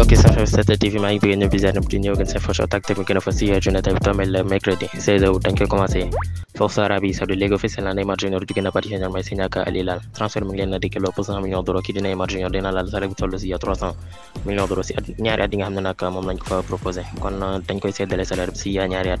mbokki Safar 7 TV maa ngi bëgg ñëw bis bu di ñëw gën seen foto tak technique na fa si journée tey dañ koy commencé force Arabie Saoudite léegi officiel na Neymar Junior jóge na Paris Saint-Germain signé ak Al Hilal transfert mi ngi leen na dikkee loo pour cent laal salaire bu toll si 300 millions d'euros si ñaari at nga xam ne nag moom lañ ko fa proposé kon dañ koy séddale salaire bi si ñaari at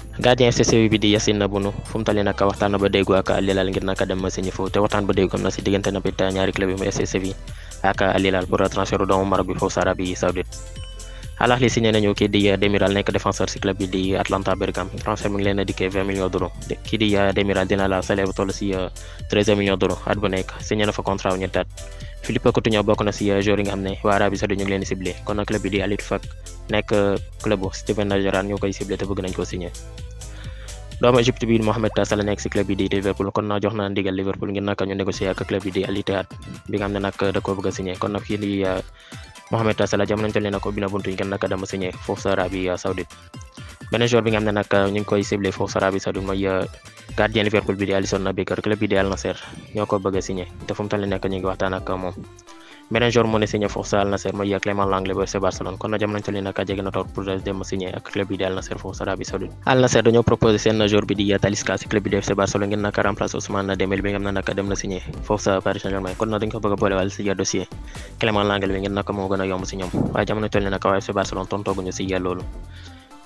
gardien CCU bi di Yacine Bouna fumtali naka waxtaan ba déggoo ak Al Hilal ngir naka dem signé foofu te waxtaan ba déggoo am na si diggante na it ñaari club yi muy FC Séville ak Al Hilal pour transfert doomu Maroc bi foofu sa Arabie Saoudite Al Ahly signé nañu kii di Demiral nekk défenseur si club bi di Atalanta Bergame transfert mi ngi leen a dikkee 20 millions d'euros kii di euh, Demiral dina la salaire bu toll si 13 euh, millions d'euros at bu nekk signé na fa contrat wu ñetti at Philippe Coutinho bokk na si euh, joueur yi nga xam ne waa Arabie Saoudite ñu ngi leen di ciblé kon nag club bi di Al Ittifaq nekk club bu Steven Gerrard ñoo koy ciblé te bëgg nañ koo signé doomu Égypte bi Mohamed Tassa la club bi di Liverpool kon nag jox na ndigal Liverpool ngir nag ñu négocier club bi di Al Ittihad ne nag da koo bëgg a signé kon nag kii di uh, Mohamed Tassa la jamono toll nii buntu yi ngir dama signé foofu sa Arabie Saoudite beneen ne nag uh, ñu ngi koy ciblé foofu sa Arabie Saoudite mooy uh, gardien Liverpool bi di Alisson Becker club bi di Al ñoo ko bëgg a signé te fu mu toll nii nag beneen jour mu ne signé foofu sa Al Nassr mooy Clément Lenglet bu FC Barcelone kon na jamono tolli nag jege na toog dem signé ak club bi di Al foofu sa Arabie Saoudite Al dañoo proposé seen jour bi di Talisca si club bi di FC Barcelone ngir naka remplacer Ousmane Dembélé bi nga naka dem na signé foofu sa Paris Saint-Germain kon na dañ ko bëgg a boolewal si dossier Clément Lenglet bi ngir naka moo gën a yomb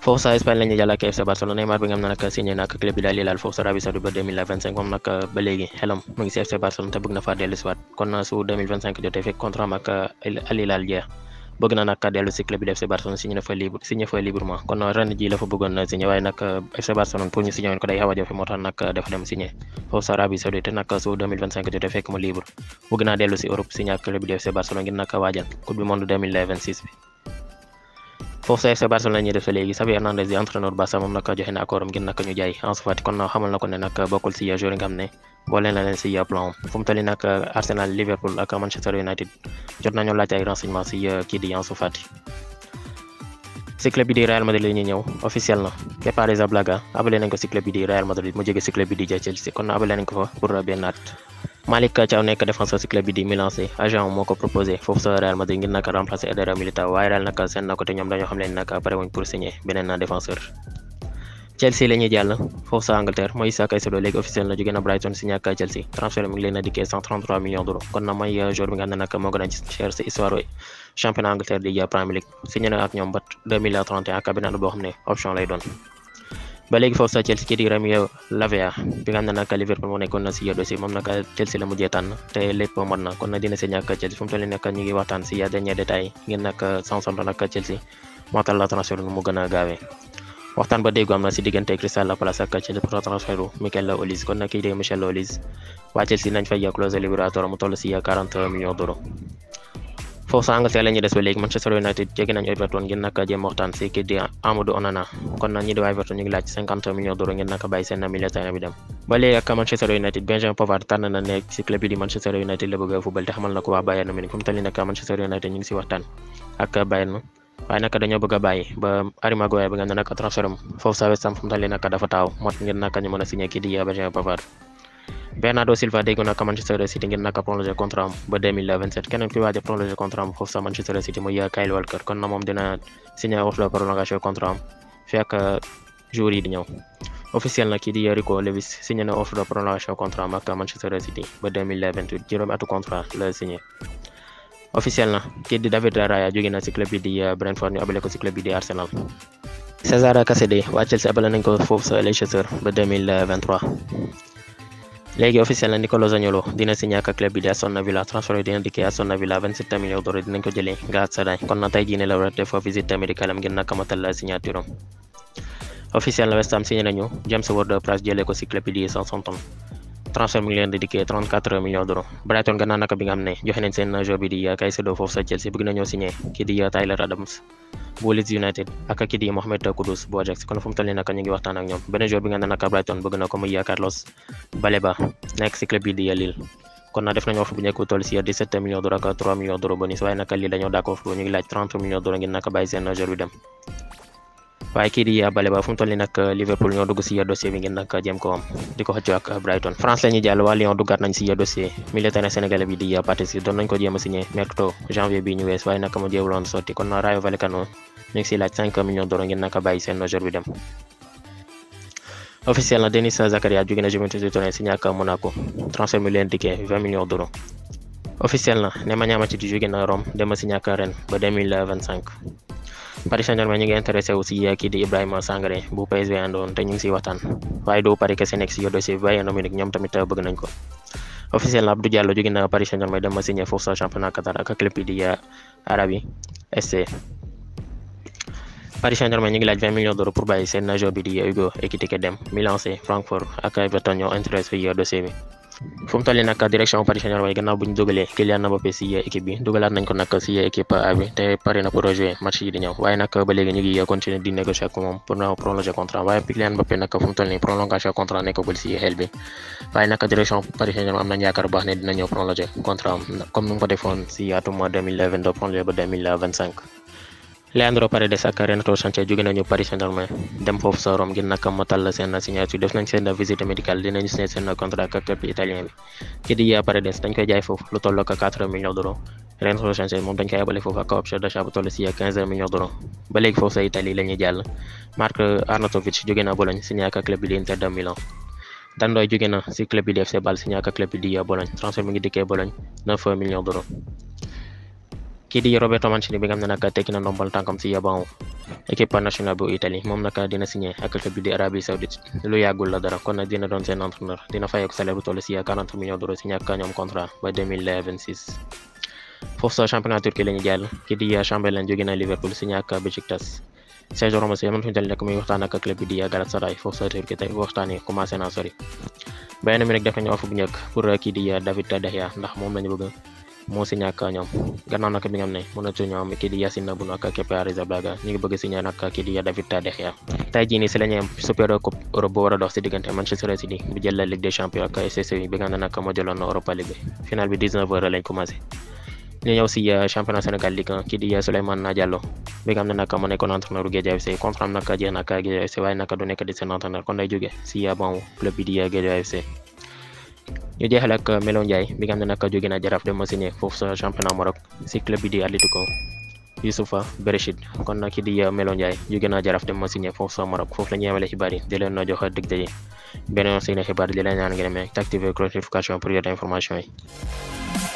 Forza Espagne la ñuy jàll FC Barcelona Neymar bi nga xam ne nag signé club bi daal di laal Forza Arabie Saoudite ba 2025 moom nag ba léegi xelam mu ngi si FC Barcelona te bëgg na faa dellu si waat kon euh, na nag dellu si club bi di FC Barcelona signé fa libre signé fa librement kon ren ji la fa bëggoon signé waaye nag euh, FC Barcelona pour ñu signé woon ko day xaw a jafe moo tax nag dafa dem signé foofu sa FC Barcelone la ñuy def léegi Xavi Hernandez di entraîneur Barça moom nag joxe na accord am ngir nag ñu jaay Ansu Fati kon xamal na ko ne nag bokkul si joueur yi nga ne boole na leen si plan fu mu toll nag Arsenal Liverpool ak Manchester United jot nañu laajte ay renseignements si euh, kii di Ansu Fati si club bi di Real Madrid la ñuy ñëw officiel na Kepa Arrizabalaga abale nañ ko si club bi di Real Madrid mu jóge Malick Thiaw nekk défenseur si club bi di Milan AC agent moo ko proposé foofu sa Real Madrid ngir nag remplacer Eder Militão waaye Real nag seen na ko te ñoom dañoo xam leen nag pare wuñ pour signer beneen défenseur. Chelsea la jàll foofu sa Angleterre mooy Moisés Caicedo léegi officiel na jóge na Brighton signé Chelsea transfert mi ngi leen kon na mooy joueur bi nga xam ne nag moo gën a cher si histoire championnat Angleterre ba léegi foofu sa Chelsea di Romeo Lavia bi nga xam ne nag Liverpool moo nekkoon na si yóbbu si moom nag Chelsea la mujjee tànn te lépp mën na kon nag dina si ñàkk Chelsea fu mu toll nii nag ñu ngi waxtaan si ya dernier détail ngeen nag sansonto nag Chelsea moo tax la transfert mu gën gaawee waxtaan ba déggu am na si diggante Crystal Palace ak Chelsea pour transfert Michael Olise kon nag kii di Michel Olise waa Chelsea nañ fay ya clause foofu sa Angleterre la des ba léegi Manchester United jege nañu Everton ngir naka jéem waxtaan si kii di Amadou Onana kon nag ñi di Everton ñu laaj cinquante millions ngir naka bàyyi seen milieu terrain bi ba léegi ak Manchester United Benjamin Pavard tànn na ne si club bi di Manchester United la bëgg a football xamal na ko waa Bayern Munich fu mu toll nii Manchester United ñu ngi si waxtaan ak Bayern waaye naka dañoo bëgg bàyyi ba Harry Bernardo Silva déggoon ak Manchester City ngir naka prolonger contrat ba 2027 keneen kuy waaj a foofu sax Manchester City muy euh, Kyle Walker kon na moom dina signé wax la prolongation euh, jour yi di ñëw officiel na kii di euh, Rico Lewis signé na offre de City ba 2028 atu contrat la signé officiel na kii di David Raya jóge na ci club bi di Brentford ñu abale ko ci club bi di Arsenal César Kassé wàccel ci abale nañ ko foofu léegi officiel na Nicolò Zaniolo dina signé ak club bi di Aston Villa transfert bi dina dikkee Aston Villa 27 millions d'euros dinañ ko jëlee Galatasaray kon na tey jii ne la war a def visite médicale am ngir la signature am na West Ham signé nañu James Ward-Prowse jëlee ko ci club bi di Southampton transfert mu ngi leen dédiqué Brighton gannaaw naka bi nga xam ne joxe nañ seen joueur bi di Caicedo foofu sa Chelsea bëgg nañoo signé kii di Tyler Adams bu Leeds United ak kii di Mohamed Kudus bu Ajax kon fu mu toll ñu ngi waxtaan ak ñoom beneen joueur bi nga ne nag Brighton bëgg na ko muy Carlos Baleba nekk si club bi di Lille kon nag def nañu offre bu njëkk toll si 17 millions d'euros ak 3 millions d'euros bonus waaye nag waaye kii di Bale ba fu mu toll nii nag Liverpool ñoo dugg si dossier bi ngeen nag jéem ko di ko xëccoo ak Brighton France la jàll waa Lyon duggaat nañ si dossier milieu terrain a signé mercato janvier bi ñu bàyyi seen joueur bi dem. officiel na Denis Zakaria jóge na Juventus de Turin signé ak Monaco transfert mu leen dikkee 20 millions d'euros. na Rome dem a signé ak ba Paris Saint-Germain ñu ngi intéressé aussi kii di Ibrahima Sangaré bu PSV àndoon te ñu ngi siy waxtaan waaye du euh, Paris kese dem signé foofu sa championnat Qatar ak club yi di euh, Arabi SC Paris saint ñu ngi laaj millions d'euros pour bàyyi seen nageur bi di euh, Hugo Ekitike dem Milan AC Francfort ak Everton ñoo intéressé yo dossier bi fu mu toll nii nag direction Paris Saint-Germain gannaaw bu ñu dugalee Kylian Mbappé bi dugalaat nañ ko nag si équipe A bi te pare match yi di ñëw waaye nag ba léegi ñu ngi continuer di négocier ak moom pour na prolonger contrat waaye Kylian Mbappé nag fu mu toll nii prolongation contrat nekkagul si xel bi yaakaar baax ne dina ñëw prolonger contrat am comme ni mu ko defoon si atum 2022 prolonger ba 2025. Leandro Paredes ak Renato Sanchez jóge nañu Paris saint dem foofu sa Rome ngir nag matal seen signature def nañ seen visite médicale dinañu signé seen contrat ak club italien bi ki di Paredes dañ koy jaay foofu lu toll ak 4 millions d'euros Renato Sanchez moom dañ koy yebale foofu ak option d'achat bu toll si 15 millions d'euros ba léegi foofu sa Italie la jàll Marc Arnautovic jóge na Bologne signé ak club bi di Inter de Milan Dan kii di Roberto Mancini bi nga xam ne tekki na ndombal tànkam si yaban équipe nationale bu Italie moom nag dina signé ak club bi di Arabie Saoudite lu yàggul la dara kon nag dina doon seen entraîneur dina fayoo salaire bu toll si 40 millions d'euros si ñàkk contrat ba 2026 foofu championnat turquie la ñu kii di Chamberlain jóge na Liverpool signé ak Besiktas Sergio Ramos yam fi mu dal nekk muy waxtaan ak club bi di Galatasaray foofu sa moo signé ak ñoom gannaaw nag bi nga xam ne mënatu ñoom kii di Yassine Bounou ak Kepa Arrizabalaga ñu ngi bëgg signé nag kii di David De Gea tey jii nii si la am Super Coupe Europe bu war dox si diggante Manchester City bu jël la Ligue des Champions ak SSU bi nga xam ne nag moo jëloon Europa League final bi 19h lañ commencé ñu ñëw si euh, championnat Sénégal Ligue kii di euh, Souleymane Diallo bi nga euh, bi di Guédiawaye ñu jeexal ak euh, Melo Ndiaye bi nga xam ne nag jóge na jaraaf dem ma signé foofu sa championnat Maroc si club bi di Atlético Youssoufa Berchid kon nag ki di euh, Melo Ndiaye jóge na jaraaf dem ma signé foofu sa Maroc foofu la ñu yemale xibaar yi di leen jox dig daje beneen yoon xibaar di leen ñaan ngeen amee activer notification pour jot information yi.